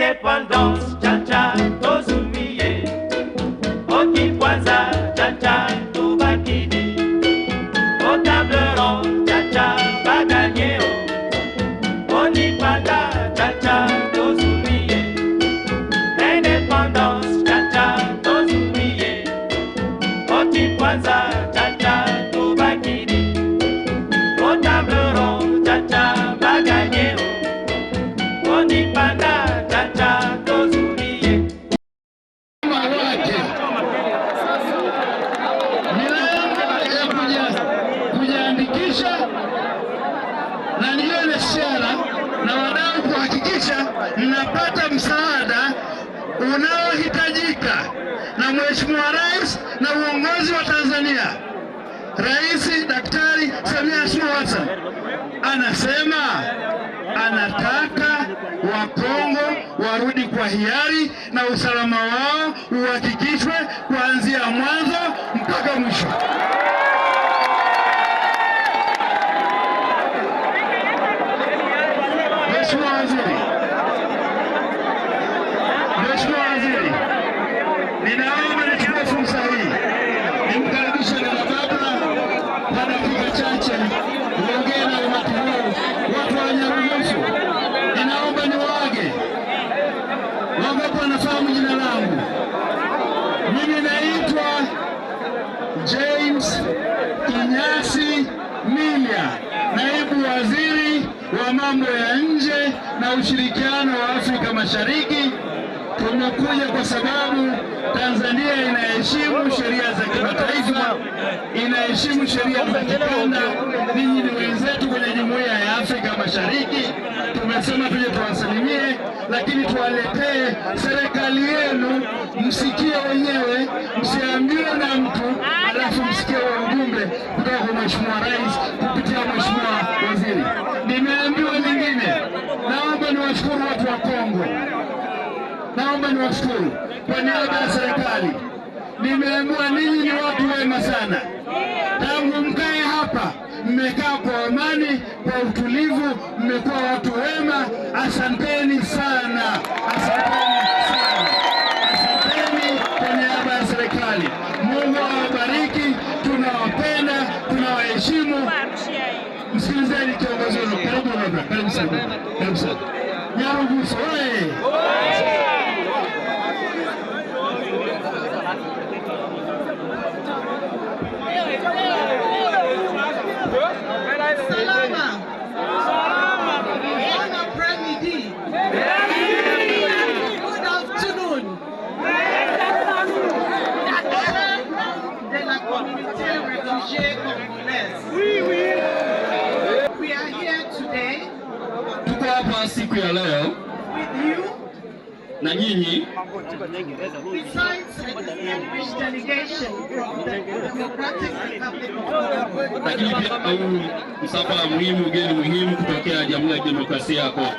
indépendance. kinachohitajika na Mheshimiwa Rais na uongozi wa Tanzania, Rais Daktari Samia Suluhu Hassan anasema anataka Wakongo warudi kwa hiari na usalama wao uhakikishwe. Mheshimiwa Waziri, ninaomba nichukue fursa hii nimkaribishe mama baba kwa dakika chache kuongea na umati huu, watu hawajaruhusu. Ninaomba niwaage, wangapo wanafahamu jina langu? Mimi naitwa James Inyasi Milya, naibu waziri wa mambo ya nje na ushirikiano wa Afrika Mashariki unakuja kwa sababu Tanzania inaheshimu sheria za kimataifa, inaheshimu sheria za kikanda. Ninyi ni wenzetu kwenye jumuiya ya Afrika Mashariki, tumesema tuje tuwasalimie, lakini tuwaletee serikali yenu, msikie wenyewe, msiambiwe na mtu, alafu msikie ujumbe kutoka kwa Mheshimiwa Rais Jamani, washukuru kwa niaba ya serikali, nimeamua ninyi ni watu wema sana. Tangu mkae hapa, mmekaa kwa amani, kwa utulivu, mmekuwa watu wema. Asanteni sana, asanteni sana, asanteni kwa niaba ya serikali. Mungu awabariki, tunawapenda, tunawaheshimu. Msikilizeni kiongozi wenu. Karibu baba, karibu sana, karibu sana Nyarugusu. siku ya leo na nyinyi lakini pia msafa msafara muhimu, ugeni muhimu kutokea Jamhuri ya Kidemokrasia ya Kongo,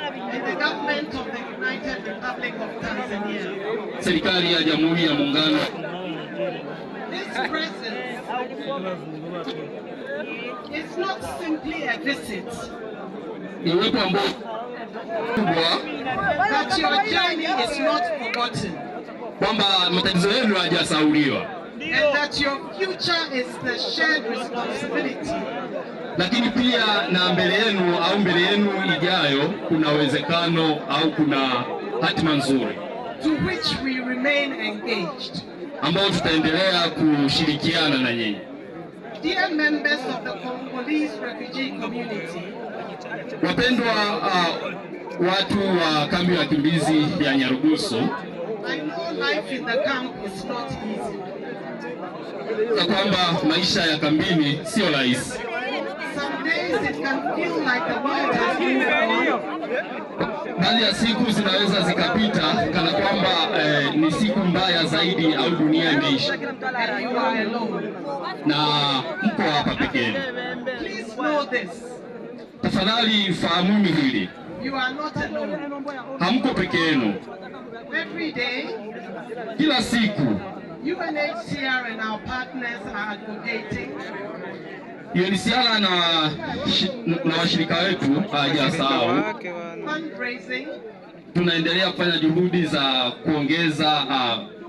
serikali ya Jamhuri ya Muungano iwepo ambao na Chirojeni is not forgotten, kwamba matatizo yenu hayajasahauliwa, and that your future is the shared responsibility. Lakini pia na mbele yenu au mbele yenu ijayo kuna uwezekano au kuna hatima nzuri, to which we remain engaged, ambao tutaendelea kushirikiana na nyinyi. Dear members of the Congolese refugee community Wapendwa uh, watu wa kambi ya wakimbizi ya Nyarugusu, na kwamba maisha ya kambini sio rahisi. Baadhi ya siku zinaweza zikapita kana kwamba eh, ni siku mbaya zaidi au dunia imeisha na mko hapa pekee. Tafadhali fahamuni hili, hamko peke yenu. Kila siku UNHCR na, na washirika wetu hawajasahau, tunaendelea kufanya juhudi za kuongeza uh,